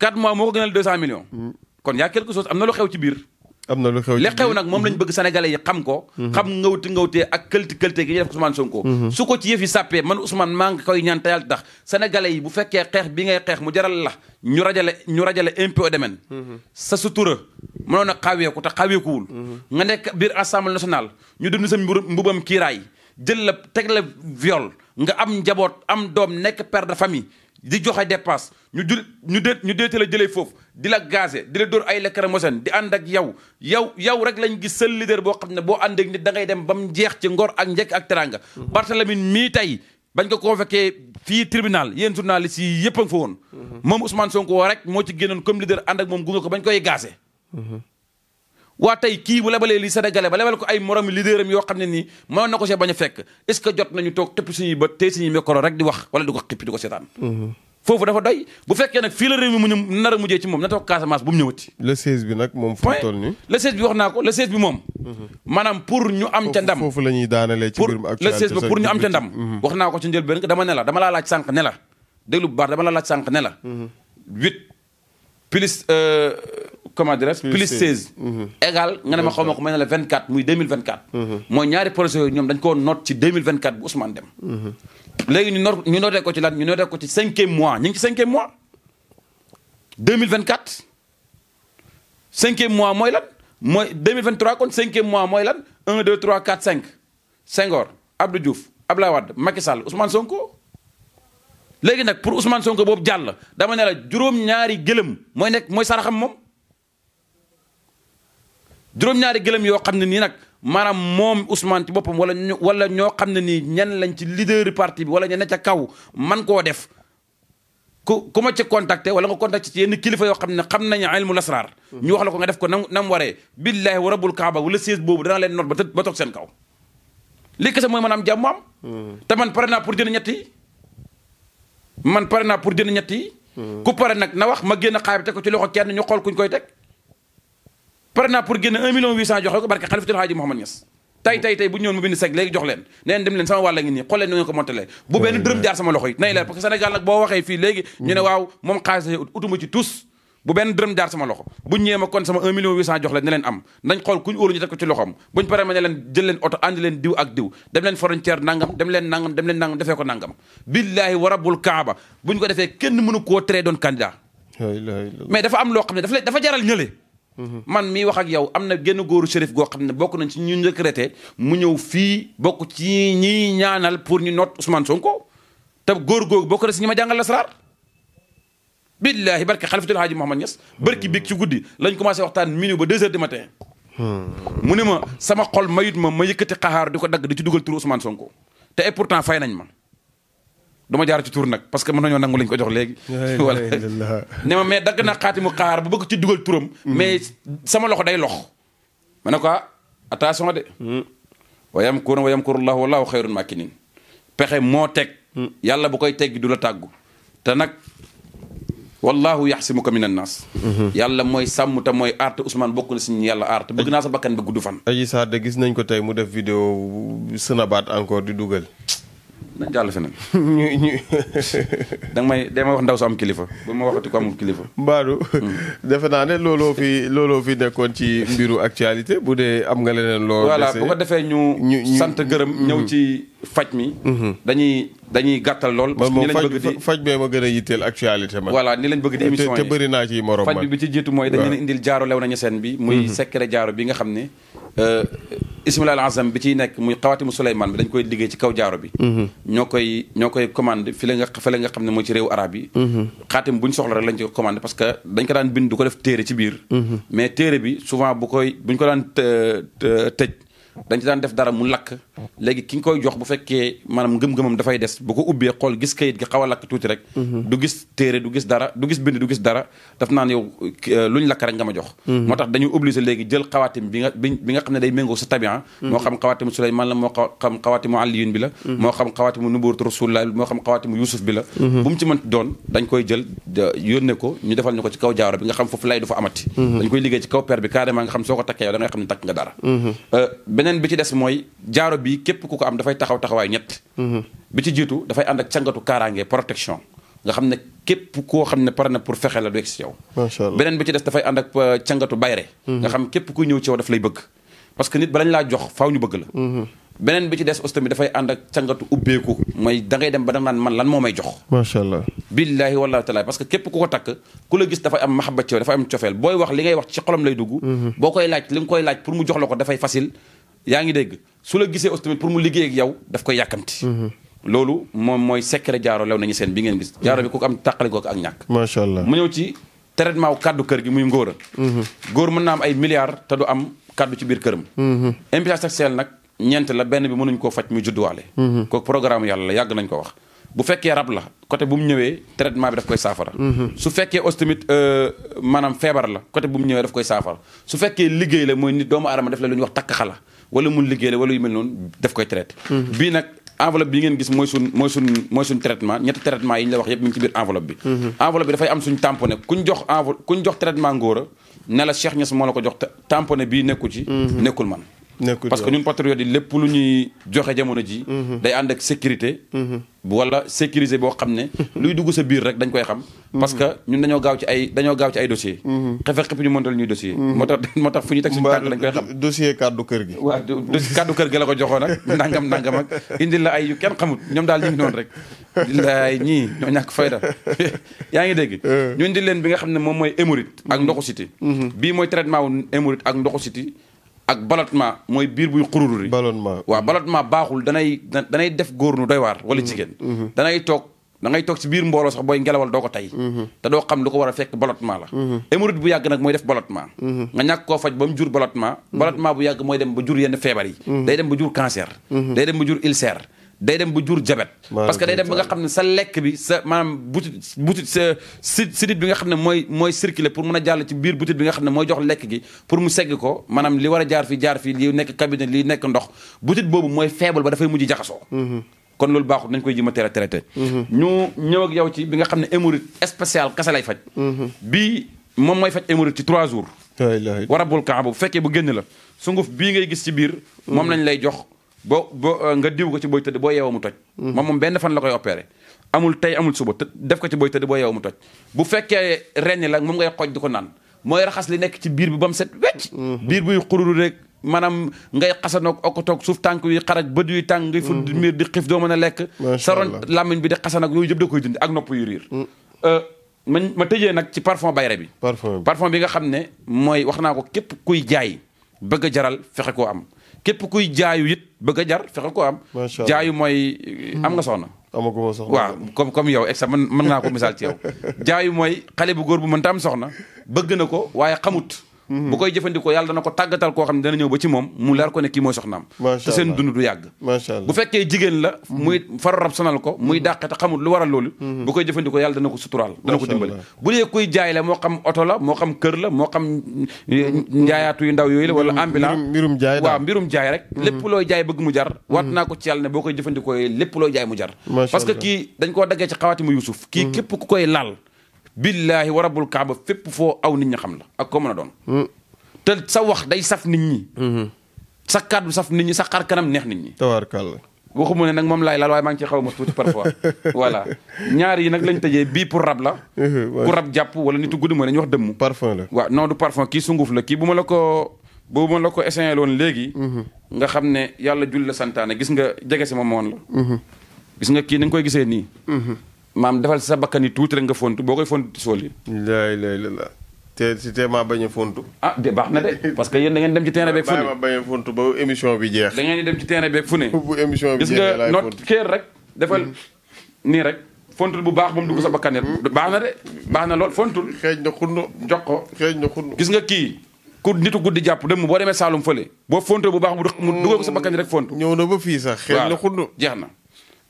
4 mois moo ko gënal 200 millions. Mm. kon y' a quelque chose am na lu xew ci biir. am na lu xew ci nag moom lañ bëgg sénégalais yi xam ko. Mm-hmm. xam ngawti ngawtee ak këlti këltee gi ñuy def Ousmane Sonko. Mm-hmm. su ko ci yëf yi sàppee man Ousmane maa ngi koy ñaan te yàlla tax sénégalais yi bu fekkee xeex bi nga xeex mu jaral la ñu rajale ñu rajale impôt demen mm-hmm. sa sutura mënoon a xaaweeku te xaaweekuwul. nga nekk biir assemblée nationale ñu dund sa mbubam kiiraay jël la teg la viol nga am njaboot am doom nekk père de famille di joxe dépense ñu jul ñu dé ñu déete la jëlee foofu di la gazé di la dóor ay di ànd ak yow yow yow rek lañ gis seul leader boo xam ne boo ànd ak da ngay dem ba mu jeex ci ngor ak njëkk ak teranga mhm. Barthélemy mii tey bañ ko convoqué fii tribunal yéen journalistes si yëpp a nga fa woon mhm. moom Ousmane Sonko rek moo ci génnoon comme leader ànd moom gunge ko bañ koy gazé mhm. waa tey kii bu lebalee li sénégalais ba lebal ko ay moromi leader am yoo xam ne nii mën na ko see bañ a fekk est ce que jot toog tëpp suñuy bët tey suñuy micro rek di wax wala di ko xippi ko seetaan mhm. foofu dafa doy bu fekkee nag fii la réew mi mu ñu nar a mujjee ci moom na toog Casamance bu mu ñëwati le 16 bi moom fu mhm. pour ñu am ca ndam foofu la daanalee ci mbirum actualité le 16 bi pour ñu am ca ndam mhm. wax naa ko ci njëlbéen dama ne comment dirais-je plus 16. Mhm. égal nga ne ma xaw ma ko may na la 24 muy 2024. Mhm. mooy ñaari projet yooyu ñoom dañ koo noot ci 2024 bu Ousmane dem mhm. léegi ñu noot ñu nootee ko ci lan ñu nootee ko ci cinquième mois ñu ngi ci cinquième mois. 2024 cinquième mois mooy lan mooy 2023 kon cinquième mois mooy lan 1 2 3 4 5 Senghor Abdou Diouf Abdoulaye Wade Macky Sall Sonko. léegi nag pour Ousmane Sonko boobu jàll dama ne la juróom-ñaari gëlëm mooy nekk mooy saraxam moom. juróom-ñaari gëlëm yoo xam ne nii nag maanaam moom Ousmane ci boppam wala wala ñoo xam ne nii ñan lañ ci leader parti bi wala ña ne ca kaw man koo def ku ku ma ci contacté wala nga contacté ci yenn kilifa yoo xam ne xam nañ nañu ilmu lasraar ñu wax la ko nga def ko nam nam waree billaahi wa rabbul kaaba wala sées boobu dana leen noot ba ba toog seen kaw lii kese mooy maanaam jam am hmm. te man pare naa pour jënd ñett yi man pare naa pour jënd ñetti yi hmm. ku pare nag na wax ma génn xaabi teg ko ci loxo kenn ñu xool kuñ koy teg pare naa pour génne 1 million 800 joxe ko barke xalifatul Haaji Mouhamad Niass tay tay tay bu ñu ñëwoon mu bind sec léegi jox leen neen dem leen sama wàlla ngi nii xool leen nu ngeen ko montalee bu benn dërëm jaar sama loxo yi nay la parce que Sénégal boo waxee fii léegi ñu ne mm. waaw moom xaalis la utuma ci tous bu benn dërëm jaar sama loxo bu ñëwee kon sama 1 million 800 jox leen ne leen am nañ xool kuñ óolu ñu teg ko ci loxoom buñ paree ma ne leen jël leen oto àndi leen diw leen frontière nangam dem leen nangam dem leen ko nangam kenn mënu koo tere doon candidat mais dafa am loo xam ne dafa jaral ñële man mii wax ak yow am na genn góoru shérif goo xam ne bokk nañ ci ñu njëkk reté mu ñëw fii bokk ci ñiy ñaanal pour ñu noot Ousmane Sonko te góor googu bokk na si ñi ma jàngal lasaraar billaahi barke xalifatul haaji Mouhamad Niass barki biig ci guddi lañ commencé waxtaan minuit ba deux heures du matin mu ne ma sama xol mayut ma ma yëkkati xaxaar di ko dagg di ci dugal turu Ousmane Sonko te et pourtant fay nañ ma duma ma jaar ci tur nag parce que mën nañoo nangu lañ ko jox léegi. ne ma mais dagg na naa mu xaar bu bëgg ci dugal turam. Mm. mais sama loxo day lox. ma ne ko ah, attention de. Mm. wa yamkuruuna wa yamkurullahu wallaahu xayrul maakiriin pexe moo teg. Mm. yàlla bu koy teggi du la tàggu. te nag wallaahu yaxsimuka minan naas. Mm-hmm. yàlla mooy sàmm te mooy aar te Ousmane bokk na si ñu yàlla aar te bëgg naa sa bakkan ba gudd fan. Adji Sarr de gis nañ ko tey mu def vidéo sënabaat encore di dugal. nañ jàll feneen. ñu ñu. da may da ma wax ndaw su am kilifa ba ma waxati ko amul kilifa. Badou. Hmm. defe naa ne looloo fi looloo fi nekkoon ci mbiru actualité bu dee am nga leneen. loo dese voilà bu ko defee ñu. ñu sant gërëm ñëw ci. faj mi. Mhm. dañuy dañuy gàttal lool. parce que ni lañ bëgg di faj bee a yitteel actualité man. voilà ni lañ bëgg di émission yi faj bi bi ci jiitu mooy dañu indil jaaro lew nañu bi. muy mhm. secret jaaro bi nga xam ne. Euh, ismaila al azam bi ciy nekk muy xawaatimu Souleymane bi dañ koy liggéey ci kaw jaaro bi mhm. ñoo koy ñoo koy la nga xam ne mooy ci réew arab yi xaatim bu ñu soxla rek lañ ci commandé parce que dañ ko daan bind du ko def téere ci biir mais téere bi souvent bu koy bu ko daan euh, tëj léegi ki nga koy jox bu fekkee maanaam ngëm-ngëmam dafay des bu ko ubbee xool gis kayit gi xaw a lakk tuuti rek mhm. du gis téere du gis dara du gis bind du gis dara daf naan yow euh, lu ñu rek nga ma jox mhm. moo tax dañuy obligé léegi jël xawaatim bi nga bi nga xam ne mhm. bi la moo la bu takk nga dara euh, beneen bi ci des mooy jaaro bi bi képp ku ko am dafay taxaw taxawaay ñett. Mhm. bi ci jiitu dafay ànd ak cangatu kaaraange protection. nga xam ne képp koo xam ne pare na pour fexe la du egg beneen bi ci des dafay ànd ak euh, cangatu bayre mhm. nga xam képp kuy ñëw ci yow daf bëgg. parce que nit balañ laa jox faaw ñu bëgg la. Mhm. beneen bi ci des aussi dafay ànd ak cangatu ubbeeku. mooy da dem ba da man lan moo may jox. billaahi wallaahi taala parce que képp ku ko takk ku la gis dafay yaa ngi dégg su la gisee aussi tamit pour mu liggéey ak yow daf koy yàkkamti. Mm-hmm. loolu moom mooy secret jaaro lew nañu seen bi ngeen gis. jaaro bi ku ko am tàqali ko ak ñàkk. macha allah mu ñëw ci traitement wu kaddu kër gi muy ngóor a. Mm-hmm. góor mën naa am ay milliards te du am kaddu ci biir këram. impuissance mm-hmm. sexuelle nag ñeent la benn bi mënuñ koo faj muy judduwaale. kooku programme yàlla la yàgg nañ ko wax. bu fekkee rab la côté bu mu ñëwee traitement bi daf koy saafara. su fekkee aussi tamit euh, maanaam feebar la côté bu mu ñëwee daf koy saafara su fekkee liggéey la mooy nit doomu aadama def la lu wax takk xala wala mun liggéey la wala yu mel noonu daf koy traité mhm. bii nag enveloppe bi ngeen gis mooy suñ mooy suñ mooy suñ traitement ñetti traitement yi ñu la wax yëpp mi ngi ci biir enveloppe bi mhm. enveloppe bi dafay am suñ tamponné kuñ jox enveloppe kuñ jox traitement ngóora ne la Cheikh Niass moo la ko jox tamponné bii nekku ci mhm. nekkul man parce que ñun patriotes yi lépp lu ñuy joxe jamono ji mhm. day ànd ak sécurité mhm. wala sécuriser boo xam ne mhm. luy dugg sa biir rek dañ koy xam parce que ñun dañoo gaaw ci ay dossier xefe xëpp ñu mëntal ñuy dossier moo tax moo tax fu ñu teg suñu tànk dañ koy xam dossier kàddu kër gi waaw kàddu kër gi la ko joxoon ak nangam nangam ak indil la ay yu kenn xamut ñoom daal ñu noonu rek laay ñii ñoo ñàkk fayda yaa ngi dégg euh. ñu indil leen bi nga xam ne moom mooy hémorroïde ak ndoxu siti bii mooy traitement wu hémorroïde ak ballottement mooy biir buy xururu ballottement waaw ballottement baaxul danay danay def góor nu doy waar wala mm-hmm. jigéen mm-hmm. danay toog da ngay toog ci biir mbooloo sax booy ngelawal doo ko tey mm-hmm. te doo xam lu ko war a fekk ballottement la hémorroïde bu yàgg nag mooy def ballottement nga ñàkk koo faj ba mu jur ballottement ballottement bu yàgg mooy dem ba jur yenn feebar yi day dem ba jur cancer day dem ba jur ulcère day dem ba jur jabet parce que day dem ba nga xam ne sa lekk bi sa maanaam butit butit sa si bi nga xam ne mooy mooy circuler pour mën a jàll ci biir butit bi nga xam ne mooy jox lekk gi pour mu segg ko maanaam li war a jaar fii jaar fii li nekk cabinet li nekk ndox butit boobu mooy faible ba dafay mujj jaxasoo mm-hmm. kon loolu baaxul nañ koy jima teel a traité mm-hmm. ñu ñëw ak yow ci bi nga xam ne hémorroïde spécial kese lay faj mm-hmm. bii moom mooy faj hémorroïde ci trois jours warabul kaaba bu fekkee bu génn la sunguf bii ngay gis ci biir moom lañ lay jox boo boo euh, nga diw ko ci booy tëdd boo yeewoo mu toj. Mm-hmm. moom moom benn fan la koy opéré. amul tey amul suba të def ko ci boy tëdd boo yeewoo mu toj bu fekkee ren la moom ngay xooj di ko naan mooy raxas li nekk ci biir bi ba mu set wecc. Mm-hmm. biir buy xururu rek maanaam ngay xasanoog okotoog suuf tànk yi xarak bët yuy tànk ngay fudd mm-hmm. di xiif doo mën a lekk. sa ron làmmiñ bi di xasanoog yooyu yëpp da koy dindi ak nopp yu riir. Mm. Euh, man ma tëjee nag ci parfum bayre bi. parfum bi nga xam ne mooy wax naa ko képp kuy jaay bëgg a jaral fexe koo am képp kuy jaayu it bëgg a jar fexe ko am. jaayu mooy hmm. am nga soxna. amaguma soxna waaw comme comme yow exemple man mën naa ko misaal ci yow jaayu mooy xale bu góor bu mënta am soxna bëgg na ko waaye xamut. bu koy jëfandikoo yàlla dana ko tàggatal koo xam ne dana ñëw ba ci moom mu leer ko ne kii mooy soxnaam te seen dund du yàgg bu fekkee jigéen la muy faru rab sonal ko muy mm-hmm. dàqe te xamul lu waral loolu mm-hmm. bu koy jëfandikoo yàlla dana ko suturaal dana ko dimbale bu dee kuy jaay la moo xam oto la moo xam kër la moo xam njaayaatu yu ndaw yooyu la wala mm-hmm. ambulance mbirum jaay waaw mbirum jaay rek lépp looy jaay bëgg mu jar waat naa ko ci yàlla ne boo koy jëfandikoo lépp looy jaay mu jar parce que kii dañ koo daggee ci xawaati mu yusuf kii képp ku koy laal billaahi wa rabbul kaaba fépp foo aw nit ñi xam la ak koo mën a doon. Hmm. te sa wax day saf nit ñi. Hmm. sa kàddu saf nit ñi sa xar kanam neex nit ñi. tabaarkalla. waxuma ne nag moom laay laal waaye maa ngi ci xaw ma tuuti parfois voilà ñaar yi nag lañ tëjee bii pour rab la. ku hmm, rab jàpp wala nitu guddi mooy ñu wax dëmm. parfum la waa non du parfum kii sunguf la kii bu ma la ko bu ma la ko essayé woon léegi. nga xam ne yàlla jull la santaane gis nga jege si ma moon la. gis nga kii ni koy gisee nii. maam defal sa bakkan yi tuuti rek nga fontu boo koy fontu ti sool yi lay lay la te si te maa bañ a fontu ah de baax na de parce que yéen da ngeen dem ci terrain beeg fu bi jeex dem ci terrain beeg fu ne bu émission rek defal hmm. nii rek fontul bu baax moom dugg sa bakkan hmm. baax na de baax na lool fontul xeeñ na xunnu jox ko xeeñ na xunnu gis nga kii ku nitu guddi jàpp dem boo demee Saalum fële boo fontu bu baax mu dugal hmm. ko sa bakkan rek fontu ñëw na ba fii sax xeeñ na xunnu jeex na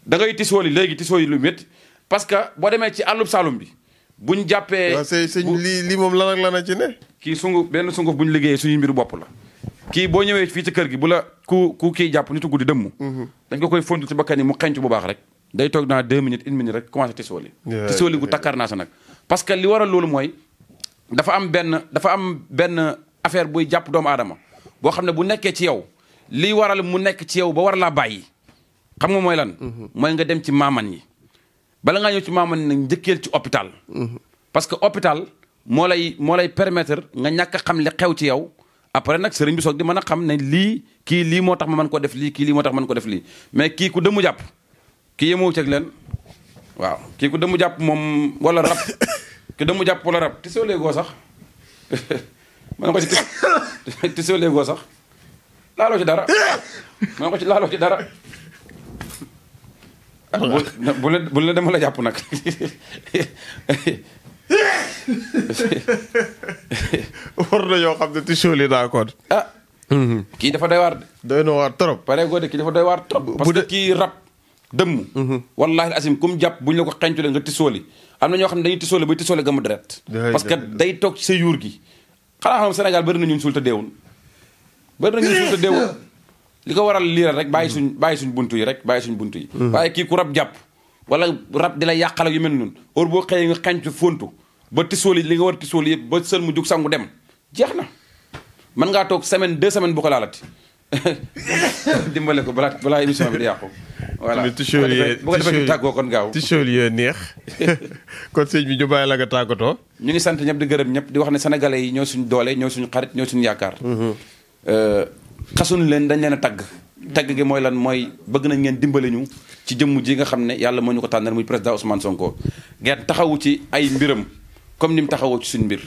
da ngay tisoo yi léegi tisoo yi lu métti parce que boo demee ci àllub Saalum bi buñ jàppee. waaw sëñ lii lii moom lan ak a ci ne. kii sungu benn sunguf bu ñu liggéeyee suñu mbiru bopp la. kii boo ñëwee fii ci kër gi bu la ku ku kii jàpp nitu guddi dëmm. Mhm. dañ ko koy fondu ci bakkan mu xenc bu baax rek. day toog dans deux minutes une minute rek commencé tisooli. tisooli gu takkar naa sa nag. parce que li waral loolu mooy dafa am benn dafa am benn affaire buy jàpp doomu aadama boo xam ne bu nekkee ci yow li waral mu nekk ci yow ba war laa bàyyi xam nga mooy lan. Mhm. mooy nga dem ci maaman yi. bala ngaa ñëw ci maamani nag njëkkeel ci hôpital. parce que hôpital moo lay moo lay permettre nga ñàkk a xam li xew ci yow après nag sëriñ bi soog di mën a xam ne lii kii lii moo tax ma man koo def lii kii lii moo tax ma mën ko def lii mais kii ku dëmu jàpp kii yemoo ceeg leen waaw kii ku dëmu jàpp moom wala rab ki dëmu jàpp wala rab tisoo léegoo sax ma ne ko ci tisoo léegoo sax laaloo ci dara ma ne ko ci laaloo ci dara Ah, bu la bu la dama la jàpp nag. war na yoo xam ne tissu li d'accord. Ah, mhm. kii dafa doy waar de. doy na waar trop. pare gode kii dafa doy waar trop. parce que kii rab dëmm. Mhm. wallaahi asim kum jàpp bu ñu la ko xeeñculee nga tissooli am na ñoo xam ne dañuy tissooli bay tissooli gëmm deret. parce que day toog ci sa yuur gi. xanaa xam senegal bari na ñun suul te deewul. bëri na ñun suul te deewul. li ko waral liiral rek bàyyi mm-hmm. suñ bàyyi suñ buntu yi rek bàyyi suñ buntu yi mm-hmm. waaye kii ku rab jàpp wala rab di la yàqal ak yu mel noonu heure boo xëyee nga xenc fontu ba tisool yi li nga war tisool yëpp ba sël mu jug sangu dem jeex na mën ngaa toog semaine deux semaines bu ko dimbale ko balaa balaa émission bi di yàqu voilà bu ko defee tàggoo kon gaaw tisool yee neex kon sëñ bi ñu bàyyi la tàggatoo ñu ngi sant ñëpp di gërëm ñëpp di wax ne sénégalais yi ñoo suñ doole ñoo suñu xarit ñoo suñ yaakaar mm-hmm. euh, xasuñu leen dañ leen a tagg tagg gi mooy lan mooy bëgg nañ ngeen dimbali ñu ci jëmm ji nga xam ne yàlla moo ñu ko tànnal muy président Ousmane Sonko ngeen taxawu ci ay mbiram comme ni mu taxawoo ci suñ mbir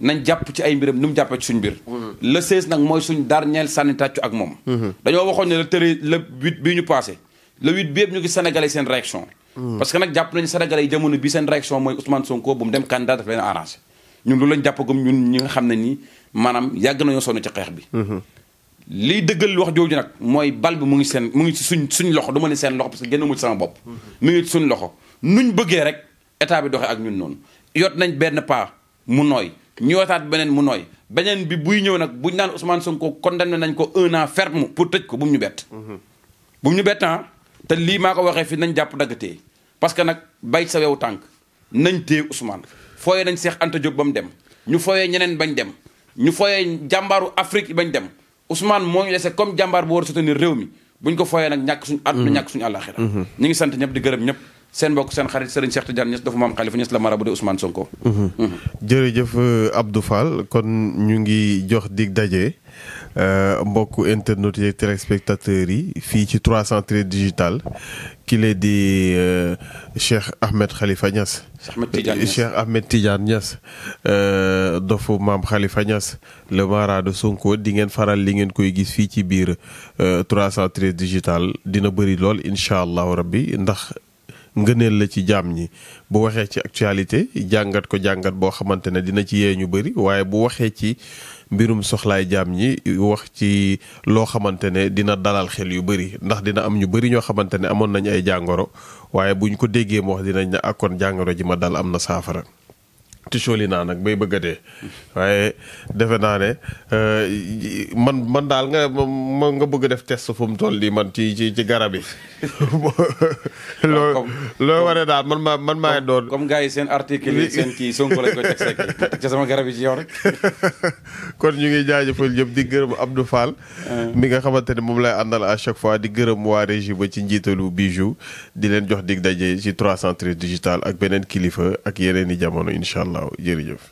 nañ jàpp ci ay mbiram ni mu jàppee ci suñ mbir mm-hmm. le 16 nag mooy suñ dernier sànni tàccu ak moom mm-hmm. dañoo waxoon ne le tëri le 8 bii ñu passé le 8 bi yëpp ñu ngi sénégalais seen réaction mm-hmm. parce que nag jàpp nañu sénégalais yi jamono bi seen réaction mooy Ousmane Sonko bu mu dem candidat daf leen arrangé ñun loolu lañ jàppagum ñun xam ne nii maanaam yàgg nañoo sonn ci xeex bi liy dëggal wax jooju nag mooy bal bi mu ngi seen mu ngi ci suñ suñ loxo du ma ne seen loxo parce que génn mu ci sama bopp. mu mhm. ngi suñ loxo nuñ bëggee rek état bi doxe ak ñun noonu. yot nañ benn pas mu nooy ñu yotaat beneen mu nooy beneen bi buy ñëw nag buñ naan Ousmane Sonko condamné nañ ko un an ferme pour tëj ko bu mu ñu bett. Mhm. bu mu ñu bett ah, te lii maa ko waxee fi nañ jàpp daggatee parce que nag bay sa wew tànk nañ téye Ousmane fooyee nañ seex Anta Diop ba mu dem ñu fooyee ñeneen bañ dem ñu fooyee jàmbaaru Afrique bañ dem. Ousmane moo ñu dese comme jàmbaar bu war a soutenir réew mi buñ ko fooyee nag ñàkk suñu àdduna mm-hmm. ñàkk suñu àllaaxira mm-hmm. ñu ngi sant ñëpp di gërëm ñëpp seen mbokk seen xarit Serigne Cheikh Tidiane Niass dafa maam xalifa Niass la marabu de Ousmane Sonko. Mm-hmm. jërëjëf Abdou Fall kon ñu ngi jox dig daje. Euh, mbokk internautes yeeg téléspectateurs yi fii ci cent 313 digital ki lee di euh, Cheikh Ahmed Khalifa Niass. Cheikh Ahmed Tidiane Niass euh, dofu maam Khalifa Niass le mara de di ngeen faral li ngeen koy gis fii ci biir 313 digital dina bëri lool incha allahu rabbi ndax. ngëneel la ci jaam ñi bu waxee ci actualité jàngat ko jàngat boo xamante ne dina ci yee ñu bëri waaye bu waxee ci mbirum soxlaay jaam ñi wax ci loo xamante ne dina dalal xel yu bëri ndax dina am ñu bëri ñoo xamante ne amoon nañ ay jàngoro waaye buñ ko déggee moo wax dinañ ne ah, kon jàngoro ji ma dal am na saafara tichooli naa nag bay bëgg a dee waaye defe naa ne euh, man man daal nga ma nga bëgg def test fu mu tool di man ci ci ci garab yi. loo ware daal man ma man maa doon. comme gars yi seen article yi seen sama garab yi ci yow rek. kon ñu ngi jaajëfal ñëpp di gërëm Abdou Fall. Ah. mi nga xamante ne moom lay àndal à chaque fois di gërëm waa régie ba ci njiitalu Bijou di leen jox dig daje ci 313 digital ak beneen kilifa ak yeneen i jamono incha allah. gannaaw jërëjëf.